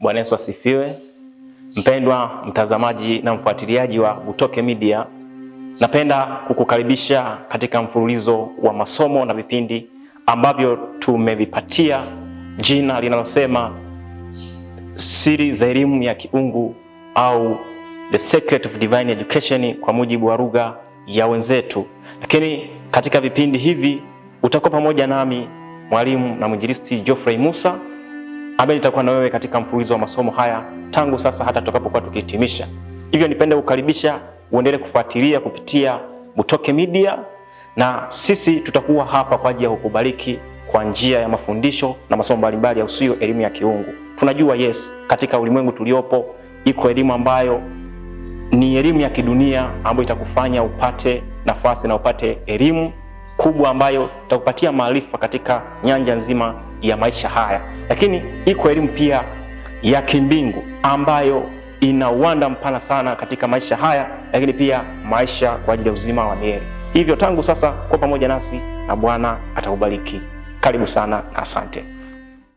Bwana Yesu asifiwe. Mpendwa mtazamaji na mfuatiliaji wa Butoke Media, napenda kukukaribisha katika mfululizo wa masomo na vipindi ambavyo tumevipatia jina linalosema siri za elimu ya kiungu au the secret of divine education kwa mujibu wa lugha ya wenzetu. Lakini katika vipindi hivi utakuwa pamoja nami mwalimu na mwinjilisti Geoffrey Musa Abeli, itakuwa na wewe katika mfululizo wa masomo haya tangu sasa hata tutakapokuwa tukihitimisha. Hivyo nipende kukaribisha uendelee kufuatilia kupitia Butoke Media, na sisi tutakuwa hapa kwa ajili ya kukubariki kwa njia ya mafundisho na masomo mbalimbali ya usio elimu ya kiungu. Tunajua yes, katika ulimwengu tuliopo iko elimu ambayo ni elimu ya kidunia ambayo itakufanya upate nafasi na upate elimu kubwa ambayo itakupatia maarifa katika nyanja nzima ya maisha haya, lakini iko elimu pia ya kimbingu ambayo ina uwanda mpana sana katika maisha haya, lakini pia maisha kwa ajili ya uzima wa milele. Hivyo tangu sasa, kwa pamoja nasi na Bwana atakubariki. Karibu sana, asante.